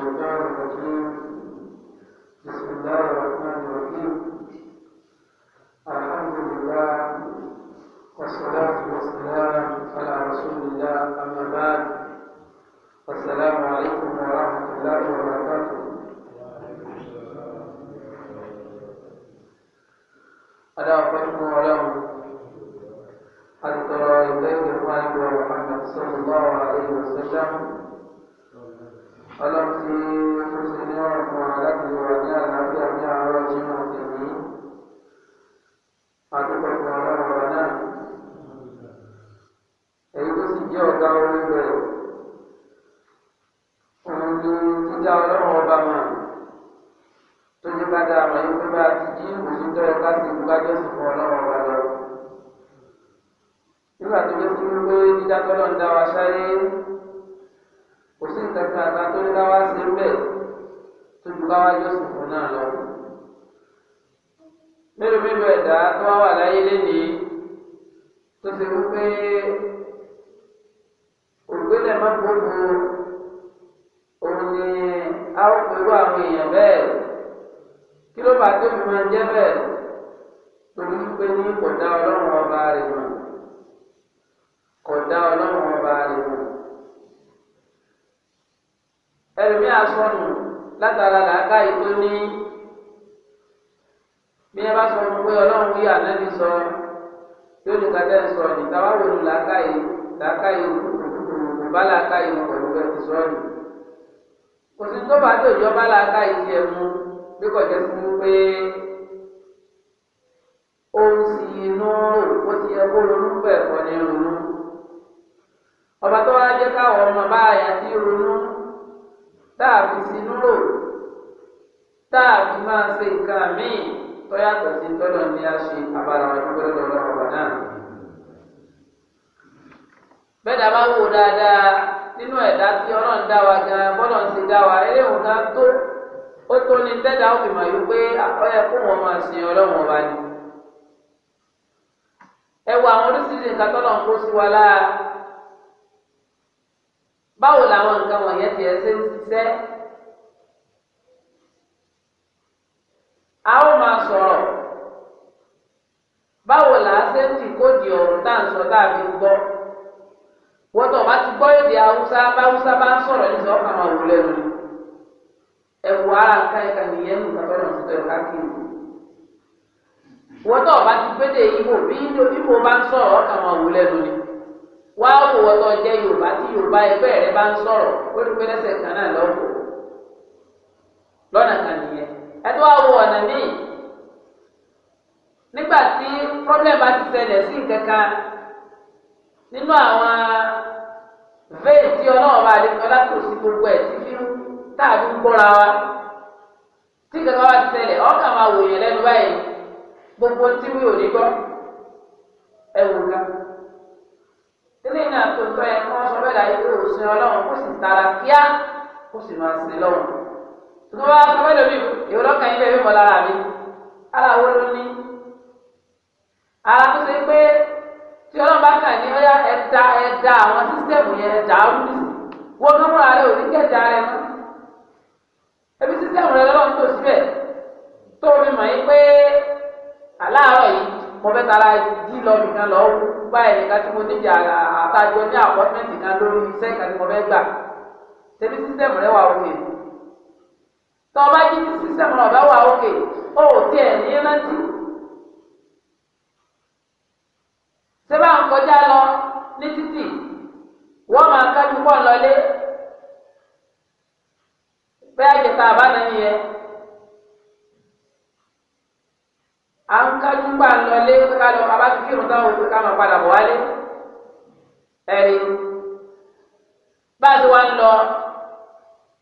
الشيطان الرجيم بسم الله الرحمن الرحيم الحمد لله والصلاة dídá tọ́lọ̀ ń dá wa sáyé kò sí nǹkan kan àgbà tó ń dá wa sí ń bẹ̀ tó ju káwá jọ́sìn fún náà lọ. mélòó mélòó ẹ̀dá tó wá wà láyé lénìí tó ti wú pé ògbélẹ̀ má gbogbo òun ni a ó pẹ̀lú àwọn èèyàn bẹ́ẹ̀ kí ló bá tó fi máa jẹ́ bẹ́ẹ̀ torí pé ní kò dá ọlọ́run ọba rẹ̀ mọ̀ kọ̀dá ọlọ́run ọba rẹ̀ wò. ẹlòmí àsọnù látara làákà ìtó ní bí ẹ bá sọ fún pé ọlọ́run yí ànábi sọ yóò ní ká tẹ́lẹ̀ sọ ní táwa wò ní làákà yìí làákà yìí kò bá làákà yìí pẹ̀lú bẹ́ẹ̀ ti sọ ní. kò sí tó bá tó ìjọba làákà yìí tiẹ̀ mú bí kò jẹ́ fún pé ohun sí. fi sínú lò tá a fi máa ṣe nǹkan míì tó yàtọ̀ sí tọ́lọ̀ ní a ṣe abala wọn tó lọ́wọ́ ọ̀bà náà. bẹ́ẹ̀ ni a bá wò dáadáa nínú ẹ̀dá tí ọlọ́run dá wa gan-an bọ́lọ̀ ń ṣe dá wa eléwọ̀n kan tó ó tó ní tẹ́lá ó fi mọ̀ pé ọyẹ kó ni. ẹ wo àwọn a ó máa sọ̀rọ̀ báwo là á ṣe ń tì kóòdì ọ̀rọ̀ tá à ń sọ láàbí gbọ́ wọ́n tó bá ti gbọ́ èdè haúsá bá haúsá bá ń sọ̀rọ̀ nígbà ọkàn máa wù lẹ́nu ẹ̀wù ara ká ẹ̀ka nìyẹn nù kàtọ́ náà ti tẹ̀wọ́ káàkiri wọ́n tó bá ti gbédè ibo bí ibo bá ń sọ̀rọ̀ ọkàn máa wù lẹ́nu ni wá wò wọ́n tó jẹ́ yorùbá tí yorùbá ẹgbẹ́ rẹ bá ń sọ̀rọ̀ ó ti pé lẹ́sẹ̀ kan náà lọ́wọ́ lọ́nà kan nìyẹn ẹtọ́ wá wo ọ̀nà míì nígbà tí problem bá ti ṣẹlẹ̀ sí nǹkankan nínú àwọn veil tí ọlọ́run bá lè kọ́lá kò sí gbogbo ẹ̀ tí fi tàbí ń bọ́ra wa tí nǹkankan bá ti ṣẹlẹ̀ ọ̀kà máa wò yẹn lẹ́nu báyìí gbogbo tí wí ò ní gbọ́ ẹ wò ká ilé iná tó tọ́ ẹ kí wọ́n sọ bẹ́ẹ̀ láyé pé òsín ọlọ́run kò sì tara kíá kò sì máa sin lọ́run tó bá tó bá lómi èwo lọ́kàn yín bẹ́ẹ̀ yóò bọ́ lára mi ara wo ló ní. ara tó ṣe pé tí ọlọ́run bá kàn ní ọyá ẹ̀dá ẹ̀dá àwọn sísítẹ́ẹ̀mù yẹn ẹ̀dá ọ̀hún wọ́n tó múra rẹ̀ òní kẹta rẹ̀ mọ́. ebi sísítẹ́ẹ̀mù rẹ̀ lọ́wọ́ tó síbẹ̀ tó mi mọ̀ yín pé aláàárọ̀ yìí mo fẹ́ tara jí lọ nìkan lọ gbá ẹ̀ nìkan tí mo níjà àtàjọ ní àpọ́tímẹ́ǹtì kan lórí iṣẹ́ ìkànnì mo fẹ́ gbà tẹ́bí sísítẹ́ẹ̀mù rẹ̀ wà òkè tọ́ ọba jí tí sísẹ́mù náà bá wà òkè ó tiẹ̀ ní rántí. sẹ́bà ń kọjá lọ ní títì wọ́n máa kájú pọ̀ lọlé bẹ́ẹ̀ jẹta àbáná nìyẹn. à ń kájú gbà lọlé kálọ̀ bàbá ti kírun táwọn òkè ká máa padà bọ̀ wálé. ẹ̀rí bá a ti wá ń lọ.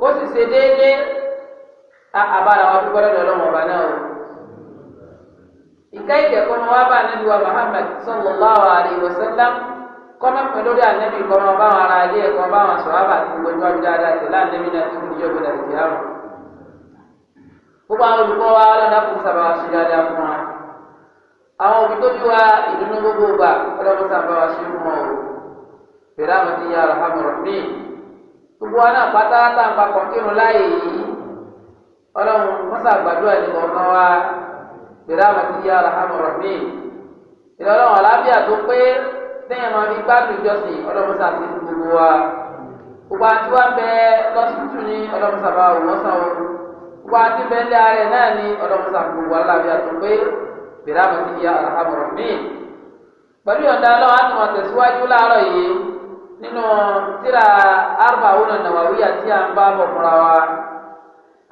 kó sì ṣe déédéé àbára wa dúpẹ́ lọ́dọ̀ ọlọ́run ọba náà o. ìka ìkẹ́kọ̀ọ́ ni wọ́n bá nílùú Muhammad sallallahu alaihi wasallam kọ́mẹ́ pẹ̀ lórí ànẹ́bí kọ́ ọmọ báwọn ará ilé ẹ̀kọ́ báwọn sọ̀rọ̀ àti gbogbo ọjọ́ dáadáa sí láàánẹ́bí náà tó ń yọ gbọdọ̀ sí àrùn. gbogbo àwọn olùkọ́ wa lọ́dà fún sábà wá sí dáadáa fún wa. àwọn òbí tó bí wa ìdùnnú gbogbo gbà ọlọ́dún sábà wá sí fún wọn o. fèrè àwọn ti yára hàmùrọ̀ míì. gbogbo wa náà pátá tá ń papọ̀ kírun láàyè yìí ọlọ́run mọ́sá gbàdúrà ní kọ̀ọ̀kan wa yá alahamu ìlú ọlọ́run tó pé ọlọ́run gbogbo wa gbogbo àti wá bẹ lọ́sítù ní ọlọ́run sàbà òwò gbogbo àti bẹ lé náà ní ọlọ́run gbogbo tó pé yá alahamu pẹ̀lú nínú tíra arba àwọn àti àmbá ń wa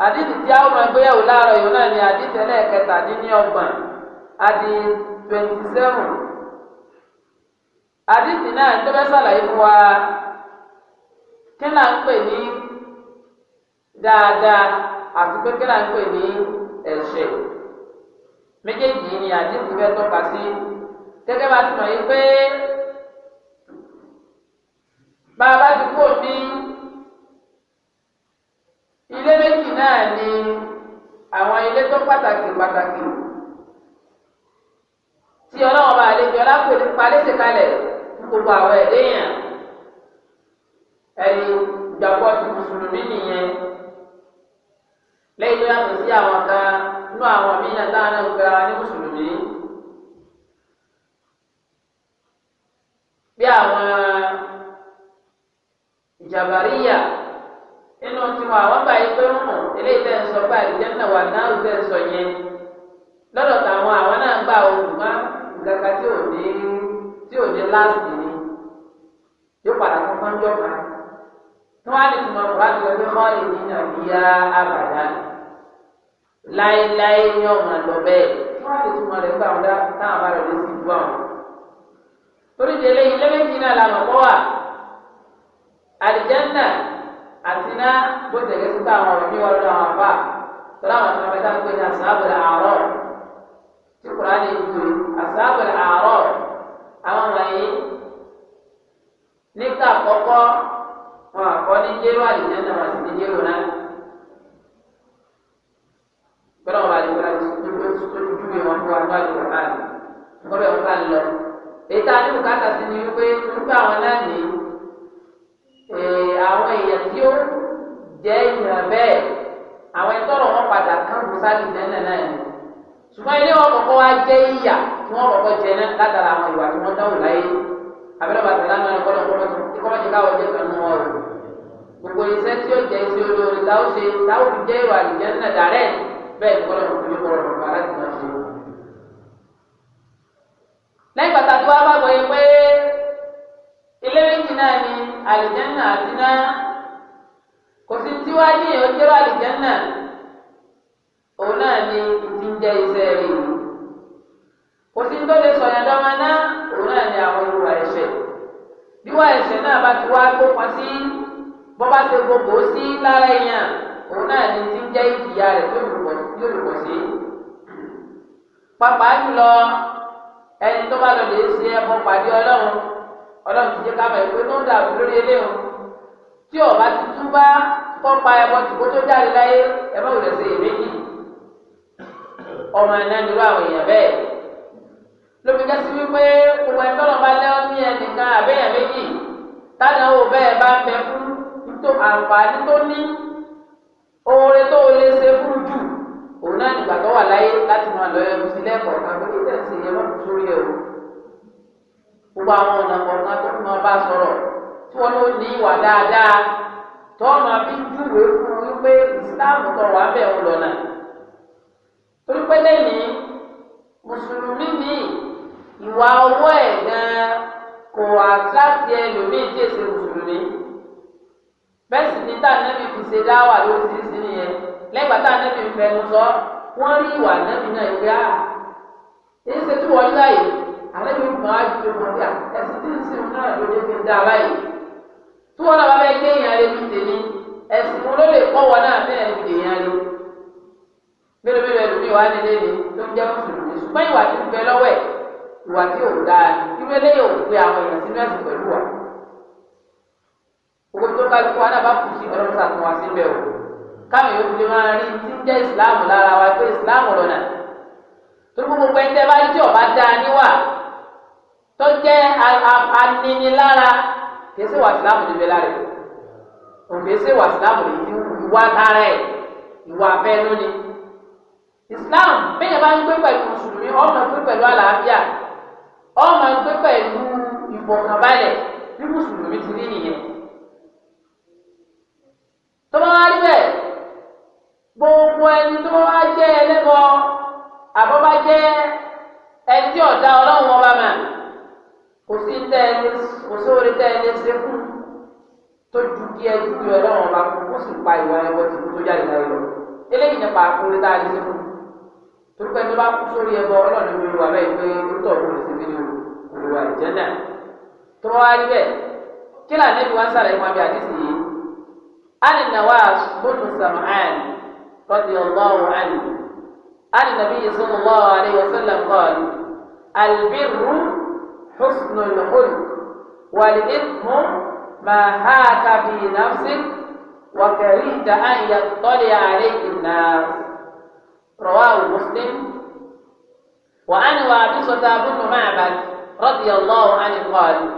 àdìsí tí a máa gbéyàwó láàárọ̀ yìí náà ni àdìsí ẹlẹ́ẹ̀kẹta dín ní ọgbọ̀n àti twenty seven àdìsí náà tó bẹ́ sàlàyé fún wa kí ń pè ní dáadáa àti pé kí ń pè ní ẹ̀ṣẹ̀ méjèèjì ni àdìsí Bye bye. lọ bẹ́ẹ̀ wọ́n á ti túmọ̀ rẹ̀ nígbà wọn dá táwọn bá rẹ̀ lé sí ìlú àwọn. torí délé ilé méjì náà lànà kọ́ wà àlìjẹ́ńdà àti iná bó tẹ̀lé sí táwọn ọ̀rọ̀ mi wà lọ́dọ̀ àwọn àbá tọ́lá àwọn ọ̀sán mẹ́ta ń pè ní àsáàbùlà àárọ̀ tí kùránì ń pè àsáàbùlà àárọ̀ àwọn wọ̀nyí nígbà àkọ́kọ́ wọn àkọ́ ní jéró àlìjẹ́ńdà wọn sì ní jéró náà. Pero vale, gracias tó júwe wọn fún wa ní Al-Qur'an kọ́bẹ̀ wọn bá ń lọ. èyí tá a ní bùkátà sí ni wípé nígbà àwọn náà ní àwọn èèyàn tí ó jẹ́ ìyàn bẹ́ẹ̀ àwọn ìtọ́rọ̀ wọn padà kán bùsálì nẹ́nà náà ni. ṣùgbọ́n ilé wọn kọ̀kọ́ wá jẹ́ ìyà tí wọ́n kọ̀kọ́ jẹ náà látara àwọn ìwà tí wọ́n dáhùn láyé. abẹ́rẹ́ bàtà lánàá ni kọ́lọ́ kọ́lọ́jì káwọ́ jẹ́ kan nù ọ̀rọ̀. gbogbo iṣẹ́ tí ó jẹ́ iṣẹ́ olórí táwọn ṣe táwọn fi jẹ́ ìwà àlùjẹ́ náà dàrẹ́ẹ̀ bẹ́ẹ̀ kọ́ lọ́nà òkèlè kọ́ lọ́nà ọ̀gá láti máa ṣe. lẹ́yìn pàtàkì wa bá gbọ́ yẹ pé ilé méjì náà ni àlìjẹ́nà àti náà kò sí tí wàá ní ìyọjọ́ àlìjẹ́nà òun náà ni ń iṣẹ́ rẹ̀ kò sí tó lè sọ̀yàn náà òun náà ni àwọn yóò lò pọ̀ sí. pàápàá jùlọ ẹni tó bá lọ lè ṣe ẹbọ pàdé ọlọ́run ọlọ́run ti jẹ́ kábàá ìpè tó ń dàbò lórí eléyìí tí ọba ti túbá kọ́pa ẹbọ tìkó tó jáde láyé ẹbọ ò lè ṣe èméjì ọmọ ẹ̀dá nírú àwọn èèyàn bẹ́ẹ̀ lóbi kẹ́sí wípé gbogbo ẹ̀ tọ́lọ̀ bá lẹ́wọ́ ní ẹnìkan àbẹ́yẹ̀ méjì tádàwọ̀ bẹ́ẹ̀ bá ń fún àǹfààní tó ní oore tó o lè ṣe fún jù òun náà nígbà tó wà láyé láti máa lọ ẹrù sí lẹ́ẹ̀kọ́ ìkàgbé tó tẹ̀sí ẹ wọ́n ti sórí ẹ o gbogbo àwọn ọ̀nà kọ̀ọ̀kan tó fi máa bá sọ̀rọ̀ tí wọ́n ló ní ìwà dáadáa tó máa fi júwe fún un wípé ìsìláàmù tó wà bẹ́ẹ̀ ń lọ́nà torí pé lẹ́yìn mùsùlùmí ní ìwà owó ẹ̀ gan kò àtúráàtì ẹlòmíì tí èsì mùsùlùmí bẹ́ẹ̀ sì ní tànẹ́bì fi ṣe dáwà lóṣìṣì lẹ́gbàá tá ànábì ń fẹnu sọ wọ́n rí ìwà ànábì náà ìwé à èyí ṣe tí wọ́n láyè ànábì ń kàn á ju ọmọ bíà ah, ẹ̀sìn tí ń sìn náà ló fi ń dá báyìí tí wọ́n náà bá fẹ́ gé èèyàn lé fi tèmi ẹ̀sìn mo ló lè kọ́ wọn náà bẹ́ẹ̀ fi èèyàn lé mélòó mélòó ẹlòmíì wá nílé ni tó ń jẹ́ mùsùlùmí ṣùgbọ́n ìwà tí ń bẹ lọ́wọ́ ẹ̀ ìwà tí ò táwọn yòókù lè máa rí tí ń jẹ́ ìsìláàmù lára wa pé ìsìláàmù lọ́nà torí gbogbo ẹni tẹ́ bá jẹ́ ọ̀bá dáa níwà tó jẹ́ aninilára kìí ṣe wà ìsìláàmù níbẹ̀ lára rẹ̀ òkèé ṣe wà ìsìláàmù rẹ̀ ìwà lára ẹ̀ ìwà abẹ́nú ni islam bẹ́ẹ̀ bá ń gbé pẹ̀lú mùsùlùmí ọmọ gbé pẹ̀lú àlàáfíà ọmọ gbé pẹ̀lú ìfọ̀kànbalẹ̀ bí mùsùlùmí ti rí nìyẹn tó bá wá rí bẹ́ẹ̀ gbogbo ẹni tó bá jẹ́ ẹlẹ́bọ àbọ̀ bá jẹ́ ẹni tí ọ̀dà ọlọ́run ọba mà kò sí tẹ́ ẹni kò sóore tẹ́ ẹni ṣe fún tó ju kí ẹ ju kí ọlọ́run ọba kó kó sì pa ìwà ẹ̀wọ̀ tí kò tó jáde láyé lọ eléyìí nípa àkórí tá a lè ṣe fún torí pé ẹni bá kú sórí ẹbọ ọlọ́run ló lu abẹ́ ìgbé tó ọ̀gbọ́n lè ṣe bí ní olùwà ìjẹ́nà tó wá rí bẹ́ẹ̀ kí lànà ìwà ń sàlẹ̀ ìwà bí àdìsí yìí á ní nàwa bónú sàmáàlì رضي الله عنه عن النبي صلى الله عليه وسلم قال البر حسن الخلق والإثم ما هاك في نفسك وكرهت أن يطلع عليك الناس رواه مسلم وعن وابصة بن معبد رضي الله عنه قال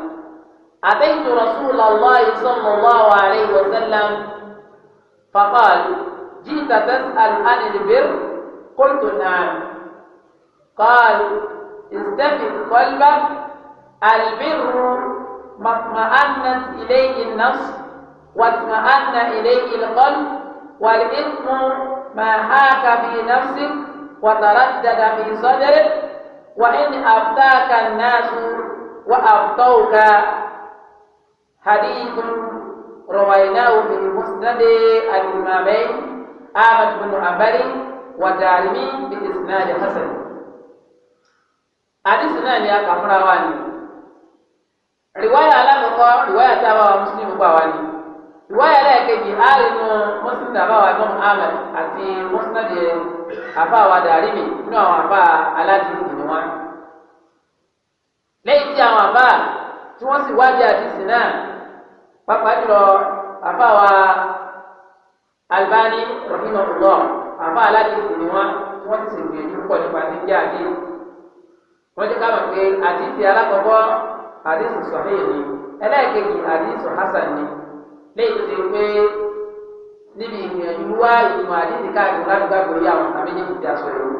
أتيت رسول الله صلى الله عليه وسلم فقال جئت تسأل عن البر قلت نعم قال استفد قلبك البر ما اطمأنت إليه النفس واطمأن إليه القلب والإثم ما هاك في نفسك وتردد في صدرك وإن أفتاك الناس وأفتوك حديث رويناه في مسند الإمامين ahmad bin abari wa darimi bi isnadi hasan hadisi náà ni a kà fúnra wa ni riwaya alákọ̀ọ́kọ́ riwaya tá a bá wa muslim gbà wa ni riwaya lẹ́ẹ̀kejì alinu muslim tá a bá wa imam ahmad àti musnad àbá wa darimi nínú àwọn àbá aládìrí ni wọn lẹ́yìn tí àwọn àbá tí wọ́n sì wájú àdìsí náà pàápàá jùlọ àbá wa. Albani rahimahullah àfa aládìsí ni wọn wọn ti gbìyànjú pọ̀ nípa ti jẹ́ àdé wọ́n ti ká mọ̀ pé àdìsí alákọ̀ọ́kọ́ àdìsí sọ̀hìn ni ẹlẹ́ẹ̀kejì àdìsí hasan ni léyìí ti pé níbi ìgbìyànjú wá ìmọ̀ àdìsí káàkiri ládùúgbò yà wọn àbí ní ìdí aṣọ ìlú.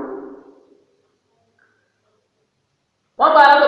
wọ́n bá alábọ̀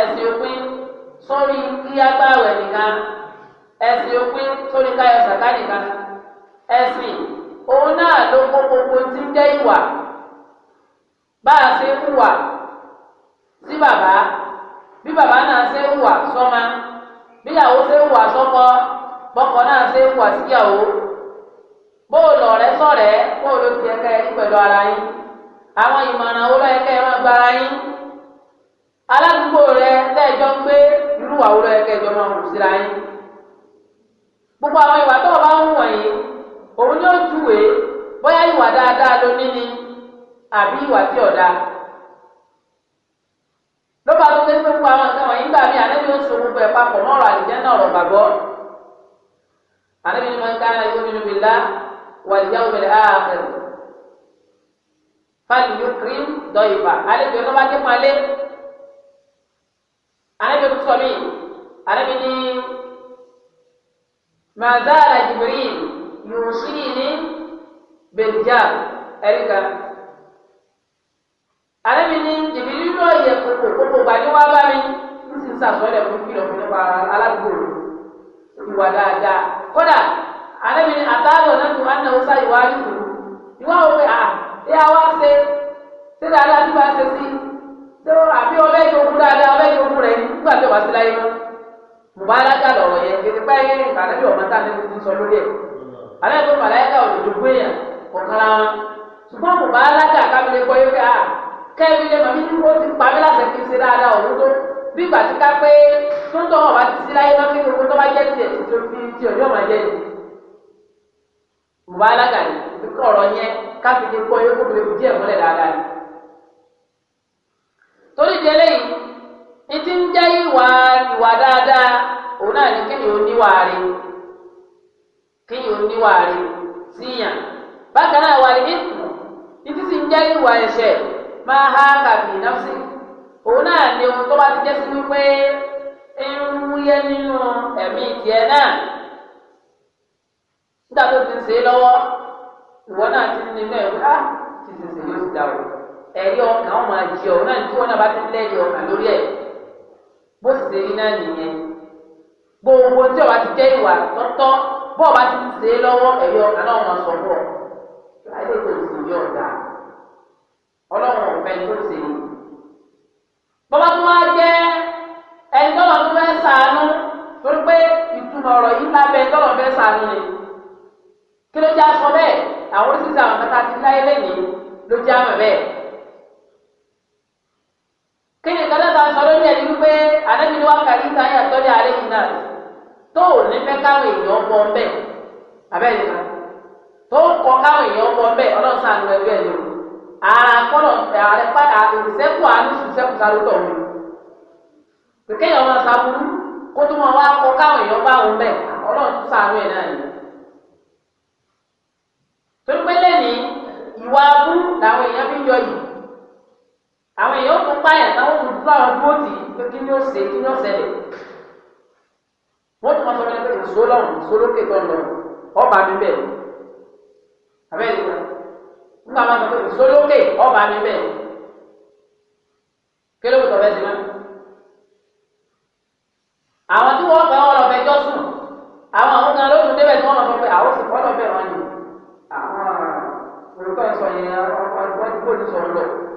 ẹ̀sìn òpin sórí kí agbáwẹ̀ nìkan ẹ̀sìn sórí káyọ̀ sàká nìkan ẹ̀sìn òun náà ló kó gbogbo tí ń jẹ ìwà bá a ṣe ń hùwà sí bàbá bí bàbá náà ṣe ń hùwà sọ́mọ bíyàwó ṣe ń hùwà sọ́kọ bọ́kọ náà ṣe ń síyàwó bóòlù ọ̀rẹ́ sọ̀rẹ́ bóòlù ti aládùúgbò rẹ tẹ́jọ́ ń gbé irú àwòrán ẹ̀ kẹjọ máa hù síra yín gbogbo àwọn ìwà tó o bá ń wọ̀nyí òun ni ó júwe bóyá ìwà dáadáa ló ní ni àbí ìwà tí ọ̀dà ló bá tó dé pé fún àwọn nǹkan wọ̀nyí gbà mí ànábi ó so gbogbo ẹ̀ papọ̀ mọ́rọ̀ àlìjẹ́ náà gbàgbọ́ ànábi ni ń yóò nínú mi lá fáìlì yóò kírí alẹ́ bí ọ anabi tó sọ míì anabi ní mazala jibril yusini ní bèjà ẹríkà anabi ní jibril ló yẹ kókó kókó gbani wá bá mi n sì ń sàsọ́lẹ̀ fún kìlọ̀ fún nípa aládùúgbò ìwà dáadáa kódà anabi ní àtàlọ́ náà tó ànáwó sáyé wá rí kùrù ìwà òwe à ẹ àwa ṣe dáadáa tí wàá ṣe sí. ṣé àbí ọbẹ̀ ìjókòó dáadáa ọbẹ̀ ìjókòó rẹ̀ nígbà tó wà sí láyé mọ́ mùbáraká lọ̀rọ̀ yẹn kí nípa ẹyẹ ìkàlẹ́bí tá a sọ lórí ẹ̀ alẹ́ òdòdó wọn ṣùgbọ́n kábílẹ̀ yóò màmí ní ti láti ṣe dáadáa tó bí ká pé bá ti sí láyé tó bá jẹ́ tiẹ̀ tó fi ti máa jẹ́ torí ìdílé yìí ní ti ń jẹ́ ìwà ìwà dáadáa òun náà ní kéèyàn oníwàárí kéèyàn oníwàárí síyàn bákan náà wà ní ìtù ní ti ń ìwà máa ha kàbí náfsì òun náà ní ohun tó bá ti jẹ́ sí wípé ń wúyẹ́ nínú ẹ̀mí tiẹ̀ náà nígbà tó ti ń ṣe é ẹ̀rí ọkàn ọmọ àjẹ ọ̀hún náà tí wọ́n náà bá ti lẹ́yìn ọkàn lórí ẹ̀ bó sì ṣe rí náà nìyẹn gbogbo tí ọba ti jẹ́ ìwà tọ́tọ́ bó ọba ti ṣe é lọ́wọ́ ẹ̀rí ọkàn náà wọ́n sọ bọ̀ láyé kò sì yí ọ̀dà ọlọ́run ọ̀fẹ́ tó ṣe é bọ́bá tó wá jẹ́ ẹni tọ́lọ̀ tó fẹ́ sàánú torí pé ìtumọ̀ ọ̀rọ̀ yìí lábẹ́ tọ́lọ̀ fẹ́ sàánú ni kí ló jẹ́ aṣọ bẹ́ẹ̀ àwọn oríṣiríṣi àwọn mẹ́ta ti láyé lẹ́yìn ló jẹ́ àmọ̀ bẹ́ẹ̀. kàdíta yà tọ́lé alẹ́ yìí náà tó ò ní fẹ́ káwọn èèyàn bọ́ bẹ́ẹ̀ abẹ́yẹ náà tó ń kọ káwọn èèyàn bọ́ bẹ́ẹ̀ ọlọ́sàn àlọ́ ẹgbẹ́ ẹ̀ lóru ara kọ́lọ̀ ààrẹ padà ìṣẹ́kù àlùsù ṣẹ́kù sáré tọ̀ mí kékeré yẹn wọn sábúrú kó tó máa wá kọ káwọn èèyàn bá wọn bẹ́ẹ̀ ọlọ́run tún sáré ẹ̀ náà yìí torí pé lẹ́ni ìwà abú làwọn èèyàn fi yọ yìí àwọn èèyàn tún páyà táwọn olùdó àwọn bóòtì pé kí ni ó ṣe kí ni ó ṣẹlẹ̀ wọ́n tún wọ́n sọ pé ìṣó lọ́hùn ìṣó lókè tó ń lọ ọba mi bẹ́ẹ̀ abẹ́rẹ́ ìgbà nígbà máa sọ pé ìṣó lókè ọba mi bẹ́ẹ̀ kí ló ń sọ bẹ́ẹ̀ sí náà àwọn tí wọ́n fẹ́ wọn lọ fẹjọ́ sùn àwọn àwọn kan lóṣù débẹ̀ tí wọ́n lọ sọ pé àwọn sì kọ́ lọ fẹ́ wọn ni àwọn olùkọ́ ìsọ̀yìn àwọn ọgbọ́n tí kò ní lọ.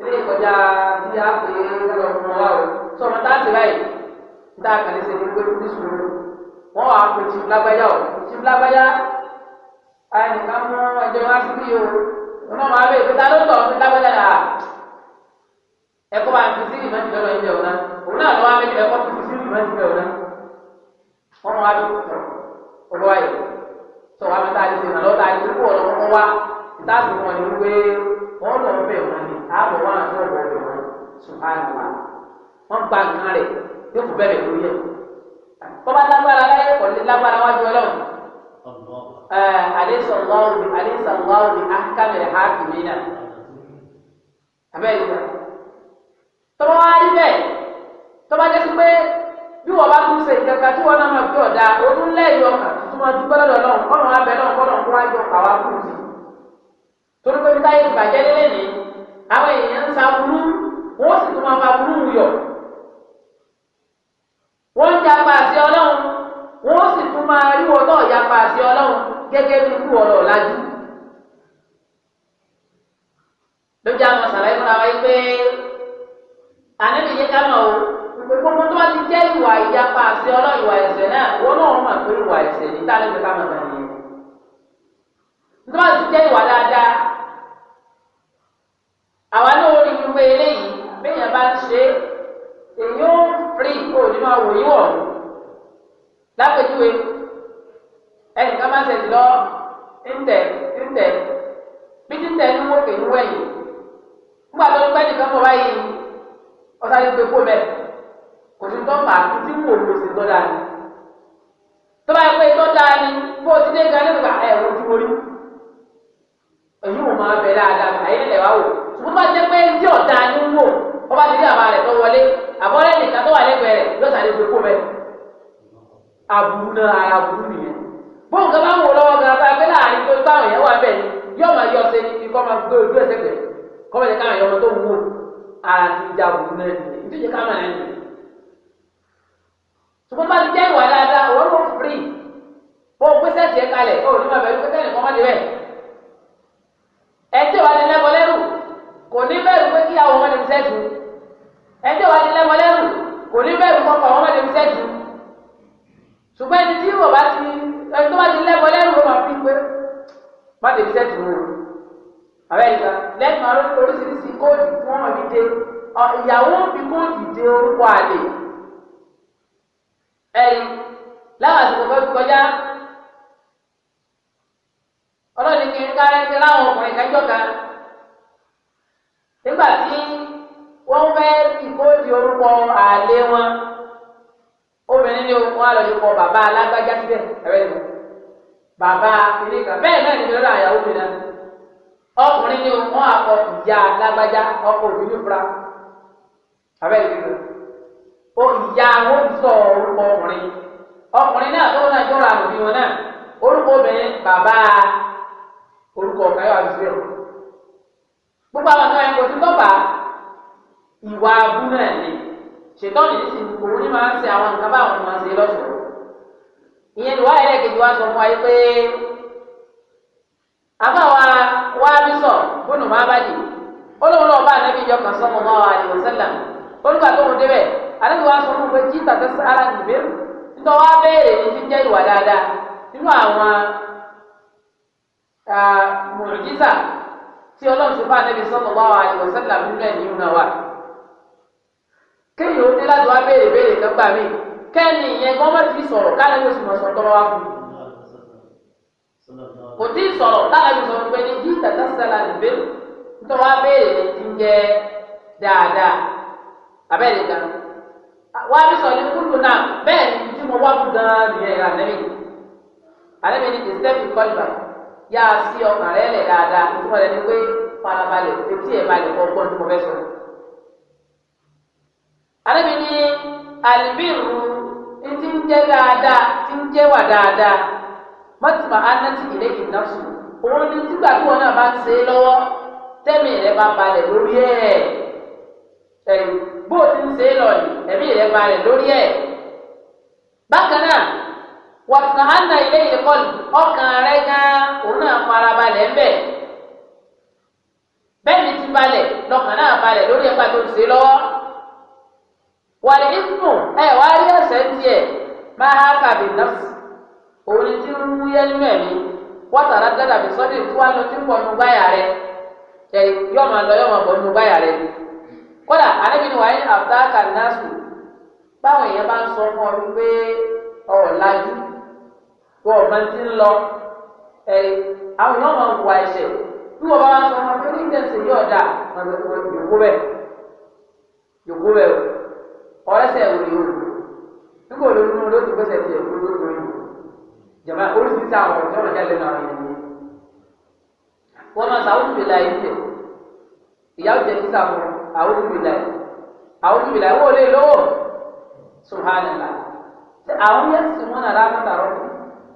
ilé ìkọjá tí a pè é lọ́dọ̀ fún wa o sọmọ tá a ti báyìí tá a kàn ní sẹ́yìn pé kúrú sùúrù wọ́n wàá pe chief lágbájá o chief lágbájá ẹnìkan mú ẹjọ́ wá sí bí o wọ́n náà máa bẹ̀ ìpínlẹ̀ ló tọ̀ ọ́ lágbájá dà ẹ̀kọ́ bá fi sí ìmọ̀ ìjọba ìjọ ọ̀nà òun náà lọ́wọ́ abẹ́jọ ẹ̀kọ́ fi sí ìmọ̀ ìjọba ọ̀nà wọ́n máa dúró tọ̀ tọ̀ wá mẹ́ta àti sèmọ̀ lọ́ta àti kókó ọ̀rọ̀ wọn wá táàbù wọn ni wé wọn lọ bẹ wọn ni àbọ̀ wọn àti ọ̀bọ̀ bẹ wọn sùpáàlù wa wọn gba nǹkan rẹ yóò fún bẹ́ẹ̀ lórí ẹ̀ bọ́bá lágbára láyé kò ní lágbára wájú ọlọ́run àlẹ́sọ̀ lọ́wọ́ mi àlẹ́sọ̀ lọ́wọ́ mi àkàmẹ̀rẹ̀ hákìmí náà abẹ́rẹ́ ìgbà tọ́wọ́ wá rí bẹ́ẹ̀ tọ́ba jẹ́ sí pé bí wọ́n bá tún ṣe ìjọba tí wọ́n náà máa fi ọ̀dà òun lẹ́yìn ọkàn tuntun máa dúpẹ́ lọ́dọ̀ náà ọ̀run abẹ náà kọ́ náà kó wájú ọkà wá kú sí i torí pé níta yẹn bàjẹ́ lélẹ̀ ní àwọn èèyàn ń sa burú wọ́n sì tún máa fa burú yọ wọ́n ń japa àti ọlọ́run wọ́n sì tún máa rí wọ́tọ̀ ìyapa àti ọlọ́run gẹ́gẹ́ bí ikú ọ̀rọ̀ ọ̀làjú. lójú àwọn sàlàyé fúnra wáyé pé ànábì yẹ ká mọ̀ o gbogbo tó bá ti jẹ́ ìwà ìyapa àti ọlọ́run ìwà ẹ̀ṣẹ̀ náà wọ́n náà mọ̀ pé ìwà ẹ̀ṣẹ̀ ní tá máa wò yíwọ̀ lápẹjúwe ẹnìkan máa ṣẹ̀ṣẹ̀ lọ ńtẹ̀ ńtẹ̀ bí títẹ̀ ní wọ́n kéwú ẹ̀yìn nígbà tó ń pẹ́ nìkan mọ̀ báyìí ọ̀sán ní gbé fóònù ẹ̀ kò sí tó fà á tí wò ó lò sí tó dáa ni tó bá yẹ pé tó dáa ni bó o ti dé gan nígbà ẹ̀ wò ó ti wọlé èyí wò máa bẹ̀ dáadáa àyè lẹ̀ wá wò ṣùgbọ́n bá jẹ́ pé tí ọ̀dà ni wò wọ́n bá ti dé àbá rẹ̀ tó wọlé àbọ̀rẹ́ nìkan tó wà lẹ́gbẹ̀ẹ́ rẹ̀ yóò sáré gbogbo rẹ̀ aburú náà ara aburú nìyẹn bóun kan bá ń wò lọ́wọ́ gan abá abẹ́ láàrin tó báwọn yẹn wà bẹ́ẹ̀ ni yóò máa yọ ọsẹ ní kọ́ máa gbé ojú ẹsẹ̀ pẹ̀ kọ́ máa jẹ káwọn yọmọ tó wù ara ti dá aburú náà nìyẹn ìdíje káwọn náà ṣùgbọ́n bá ti jẹ́ ìwà dáadáa wọ́n kò ní bẹ̀rù pé kí àwọn ọmọdé ṣẹ́ jù ẹjọ́ wa ti lẹ́mọ lẹ́rù kò ní bẹ̀rù kọ́kọ́ àwọn ọmọdé ṣẹ́ jù ṣùgbọ́n ẹni tí yóò bá ti ẹni tó bá ti lẹ́mọ lẹ́rù ló máa fi pé má lè ṣẹ́ jù wọn àbẹ́ ìgbà lẹ́nu oríṣiríṣi kóòdù tí wọ́n mọ̀ ní dé ìyàwó fi kóòdù dé orúkọ àlè ẹ̀yìn láwọn àsìkò fẹ́ kọjá ọlọ́ọ̀ni kí n ká ẹ nígbà tí wọ́n fẹ́ ìkóòdì orúkọ àlè wọn obìnrin ni wọ́n á lọ yọkọ bàbá alágbájá síbẹ̀ ẹ̀rẹ́ ìlú bàbá ìlíkà bẹ́ẹ̀ náà ni lọ́dọ̀ àyàwó mi náà ọkùnrin ni wọ́n àkọ ìyá alágbájá ọkọ o ìyá wọn sọ orúkọ ọkùnrin ọkùnrin náà tó náà wọn náà orúkọ gbogbo àwọn kan ẹ̀kọ́ tí tọ́ba ìwà abú náà ni ṣètọ́nù ní sìn òun ní máa ń ṣe àwọn nǹkan báwọn máa ń ṣe lọ́sọ̀rọ̀ ìyẹn ìwà ẹlẹ́ẹ̀kejì wa sọ fún wa yìí pé wá sọ bónú máa bá dì olóhùn náà bá ànábì ìjọ kan débẹ̀ wa sọ fún pé jí tàtẹ́ sára nìbẹ́ ní ti tí ọlọ́run ti bá Ànábì sallallahu alaihi wasallam nínú ẹ̀yìn ìhùnà wa. kéèyàn ó dé láti wá béèrè béèrè kan gbà mí kẹ́ni ìyẹn gan má ti sọ̀rọ̀ káàlẹ́ yóò sì mọ̀ sọ tọrọ wá fún mi. kò tí ì sọ̀rọ̀ táwọn ìsọ̀ pé ní jí tàtà sẹ́la nìbẹ̀rù nítorí wá béèrè ní ti ń jẹ dáadáa abẹ́rẹ́ gan. wá bí sọ ní kúndùn náà bẹ́ẹ̀ ni tí mo wá fún gan-an nìyẹn ìlànà mi. ni yá a fi ọkàn rẹ lẹ̀ dáadáa ìtumọ̀ rẹ ni pé farabalẹ̀ etí tó sọ. àlìbírù ti ń ti ń jẹ́ wà dáadáa mọ́tìmọ̀ ilé òun ni tí wọn náà bá ṣe é lọ́wọ́ tẹ́mi rẹ bá balẹ̀ lórí ẹ̀ bó o ti ń ṣe wàtúnáhánà ilé ìkọlù ọkàn rẹ gan òun náà fara balẹ̀ ń bẹ́ẹ̀ ni ti balẹ̀ lọ́kàn náà balẹ̀ lórí ẹ̀ka tó ń ṣe lọ́wọ́. wàlẹ̀ ìfún ẹ̀ wá rí ẹ̀sẹ̀ tiẹ̀ máa ha kàbí nọ́ọ̀sì. òun ti ń mú yẹn nínú ẹ̀mí wọ́tàrà dáadáa sọ́dí ń báyà yọ̀ máa lọ yọ̀ máa bọ̀ báyà ni. kódà ní àbúrò sùn báwọn èèyàn bá ń sọ fún ọ wọ́n ọ̀gbọ́n ti ń lọ ẹ̀ àwọn èèyàn máa ń wà ẹ̀ṣẹ̀ bí wọ́n bá wá sọ wọn pé ní ìjẹsìn yóò dà yòókù bẹ̀ yòókù bẹ̀ ọ̀rẹ́sẹ̀ wò yóò nígbà olórí jàmbá oríṣiríṣi àwọn jáde náà yẹn ni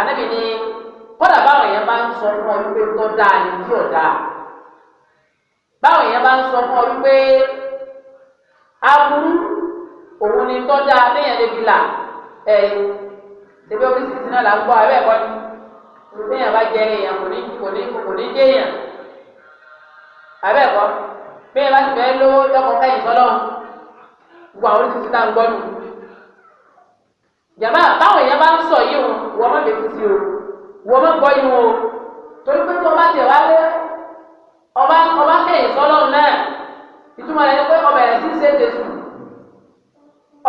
ànábì ní kọ́dà báwọn èèyàn bá ń sọ fún ọ wípé tó dáa ni tí ò dáa báwọn èèyàn bá ń sọ fún ọ wípé aburú òun ni tó dáa léèyàn lè fi là ẹ ṣẹbi oríṣi ti náà là ń gbọ́ abẹ́ ẹ̀kọ́ ni léèyàn bá jẹ èèyàn kò ní kò ní kò ní jẹ èèyàn abẹ́ ẹ̀kọ́ léèyàn bá ti fẹ́ lówó lọ́kọ̀ kẹ́yìn sọ́lọ́ gbogbo àwọn oríṣi ti náà ń gbọ́ nù jàmbá báwọn èèyàn bá ń sọ yìí o wọ́n má létí sí o wọ́n má gbọ́ yín o torí pé tó o bá tẹ̀ wá lé ọba ọba kẹ́yìn sọ́lọ́run náà ìtumọ̀ rẹ̀ ni pé ọba ẹ̀ sì ṣe tẹ̀sù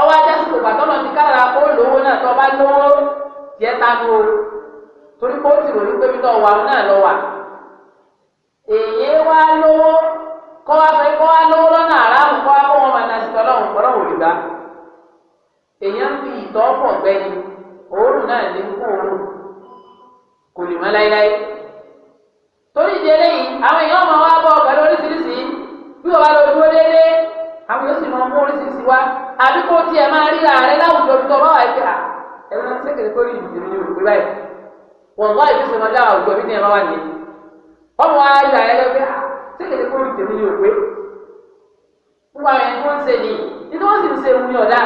ọwọ́ ajá sí kò gbàtọ́ náà ti kára ó lówó náà tó ọba lówó jẹ́ tanu o torí pé ó ti ròyìn pé bitọ́ wà náà lọ wà èyí wá lówó kọ́ wá fẹ́ kọ́ wá lówó lọ́nà àràmù kọ́ wá kó wọn máa na sí tọ́lọ́run kọ́lọ́run ò lè náà ní kóòrùn kò lè mọ́ láéláé torí ìdí eléyìí àwọn èèyàn máa wá bọ́ ọ̀gá lóríṣiríṣi bí wọ́n bá lọ dúró déédéé àwọn yóò sì máa mú oríṣiríṣi wá àbí kó tiẹ̀ máa ríra rẹ láwùjọ tó bá wà ẹ̀ka ẹ̀rọ náà sẹ́kẹ̀rẹ̀ kórì ìdìbò ní òkú báyìí wọ́n wá ìfẹsẹ̀ máa dá àwùjọ bí tiẹ̀ máa wà nìyẹn wọ́n mú ara ríra rẹ lọ́gbẹ́ sẹ́kẹ̀rẹ̀ kórì ìdìbò ní òkú wọ́n wá ẹ̀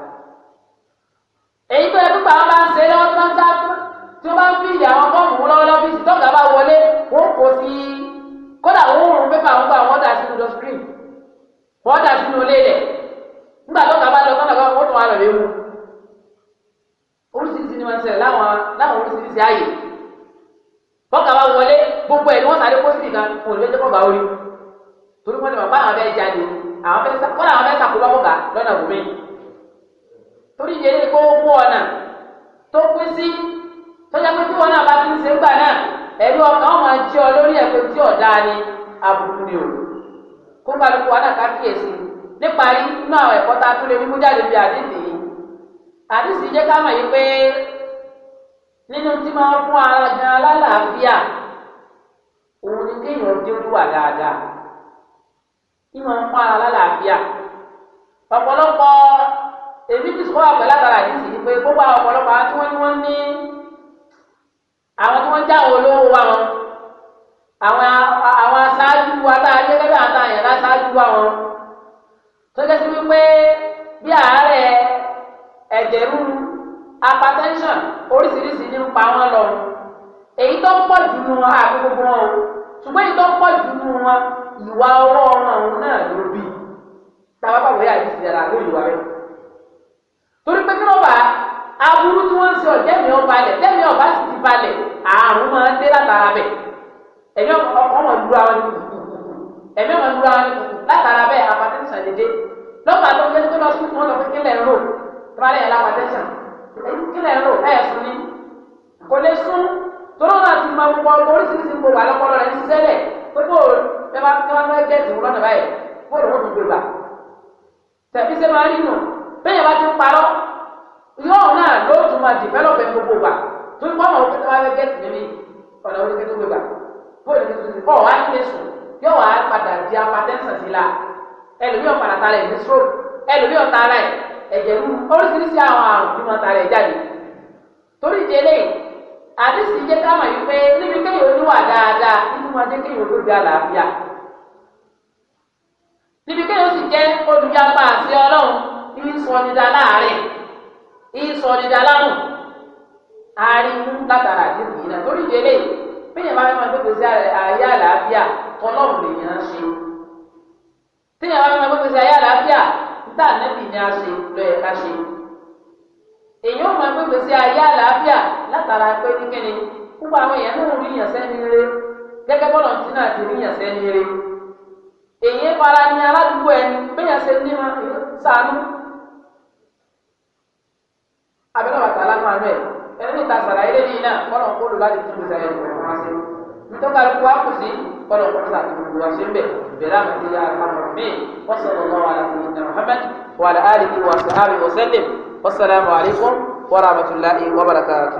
èyí tó ẹbí pa wọn ń ṣe lọ́wọ́ tí ń tí wọ́n bá ń fìdí àwọn bọ́ọ̀mù lọ́wọ́lọ́wọ́ bí bá wọlé wọ́n kò sí kódà wọ́n rún pépà wọn gbà wọ́n dà sínú dọ́ screen wọ́n dà sínú ilé rẹ̀ nígbà bá lọ bá oríṣiríṣi ni wọ́n ṣẹlẹ̀ láwọn oríṣiríṣi ààyè bá wọlé gbogbo ẹ̀ ni wọ́n sáré fún wọlé torí wọ́n ti mọ̀ pé àwọn torí ìdí eléyìí gbogbo ọ̀nà tó pín sí tọ́jà pé tí wọn náà bá ti ń gbà náà ẹ̀rí ọ̀nà ọmọ jẹ́ ọ lórí ẹ̀kọ́ tí ọ̀dá ni àbùkù ni o kó náà ká kíyèsí nípa inú àwọn ẹ̀kọ́ tá a tún lè mú jáde bí àdìsí àdìsí jẹ́ ká mọ̀ pé nínú tí èyí ti sọ́kọ́ àgbẹ̀ látara yìí sì pé gbogbo àwọn ọ̀pọ̀lọpọ̀ àwọn tí wọ́n ní wọ́n ní àwọn tí wọ́n já àwọn olówó wa wọn àwọn àwọn aṣáájú wa tá a yẹ gẹ́gẹ́ bí àwọn àyàn láṣáájú wa wọn tó jẹ́ sí wípé bí àárẹ̀ ẹ̀jẹ̀ rúru hypertension oríṣiríṣi ní ń pa wọn lọ èyí tó ń pọ̀ jù nù wọn àti gbogbo wọn o ṣùgbọ́n èyí tó ń pọ̀ jù nù wọn ìwà ọwọ́ ọmọ náà ló bí tàbá pàwé àdìsí dára lóyún wa rẹ̀ torí pé kí ló bá aburú tí wọ́n ń ṣe ọ̀jẹ́ mi ọba lẹ̀ tẹ́mi ọba sì ti balẹ̀ àrùn máa ń dé látara bẹ̀ ẹ̀mí ọmọ ìlú àwọn ni ẹ̀mí ọmọ ìlú àwọn ni látara bẹ̀ apatẹ́sán dédé lọ́pàá àti ọ̀gbẹ́ni tó lọ sí wọn lọ fi kílẹ̀ ń rò tọ́lá yẹn lápatẹ́sán kílẹ̀ ń rò ẹ̀ sún ni kò lè sún tọ́lá náà ti máa wọ oríṣiríṣi gbogbo àlọ́kọ́lọ́ rẹ̀ ń ṣiṣẹ́lẹ̀ gbogbo ẹ̀ bá tẹ́wọ́n fẹ́ gẹ̀ẹ́sì wọn lọ́nà báyìí bóòlù wọn fi gbé gbà bẹ́ẹ̀ bá ti ń parọ́ yóò náà ló tún máa dìbẹ́lọ̀pẹ̀ gbogbo wa tó ń bọ́mọ̀ òkúta wa fẹ́ gẹ́tì mímí ọ̀nà orí kẹ́tọ́ gbégbà bóyá ní tuntun ọ̀ wá ní èso yóò wá padà di apatẹ́sàn sí la ẹlòmíọ̀ padà ta rẹ̀ ní stroke ẹlòmíọ̀ ta rẹ̀ ẹ̀jẹ̀ rú oríṣiríṣi àwọn àrùn bí wọ́n ta rẹ̀ jáde torí ìdílé àdéhùn ìjẹ́ káwọn yìí pé níbi kéèyàn olúwa dáadáa nínú wọn jẹ́ kéèyàn olóògbé àlàáfíà níbi kéèyàn sì jẹ́ olùyapa àti ọlọ́run ìsọdida láàrin ìsọdida lánàá ariwo látara àdéhùn yìí náà lórí ìdílé bíyẹn bá fẹ́ máa gbégbé sí ayé àlàáfíà tọ́lọ́run lèèyàn ṣe tíyẹn bá fẹ́ máa gbégbé sí ayé àlàáfíà níta nẹ́bì ni a ṣe lọ ẹ̀ka ṣe èyí ó máa gbégbé sí ayé àlàáfíà látara pé níkẹ́ni púpọ̀ àwọn èèyàn náà rí yàn sẹ́ni rere gẹ́gẹ́ bọ́lọ̀ tí náà ti rí yàn sẹ́ni rere èyí fara ní aládùúgbò ẹni bíyẹn ṣe ní ma sànú abẹ́rẹ́ wàtà aláǹfà rẹ̀ ẹni níta sàlàyé lẹ́yìn iná kọ́nà kóòlù láti tún gbèsè ayé ìwọ̀n wá sí ntọ́kàlù kó akù sí kọ́nà kó sà tún gbèsè wá sí mbẹ̀ bẹ̀rẹ̀ àwọn ti yára kàn wọ́n mí wasalaamu alaykum wa rahmatulahi wa barakatuh.